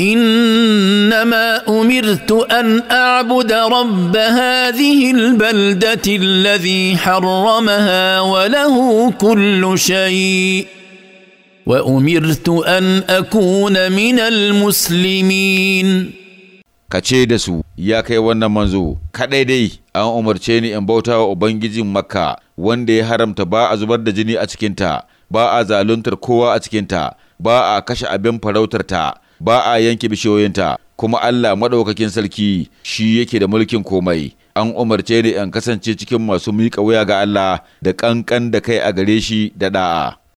انما امرت ان اعبد رب هذه البلده الذي حرمها وله كل شيء وامرت ان اكون من المسلمين kace da su ya kai wannan manzo kaɗai dai an umarce ni in bauta wa ubangijin makka wanda ya haramta ba a zubar da jini a cikinta ba a zaluntar kowa a cikinta ba a kashe abin farautarta ba a yanke bishiyoyinta kuma Allah maɗaukakin sarki shi yake da mulkin komai an umarce ni 'yan kasance cikin masu miƙa wuya ga Allah da ƙanƙan da kai a gare shi da ɗa'a.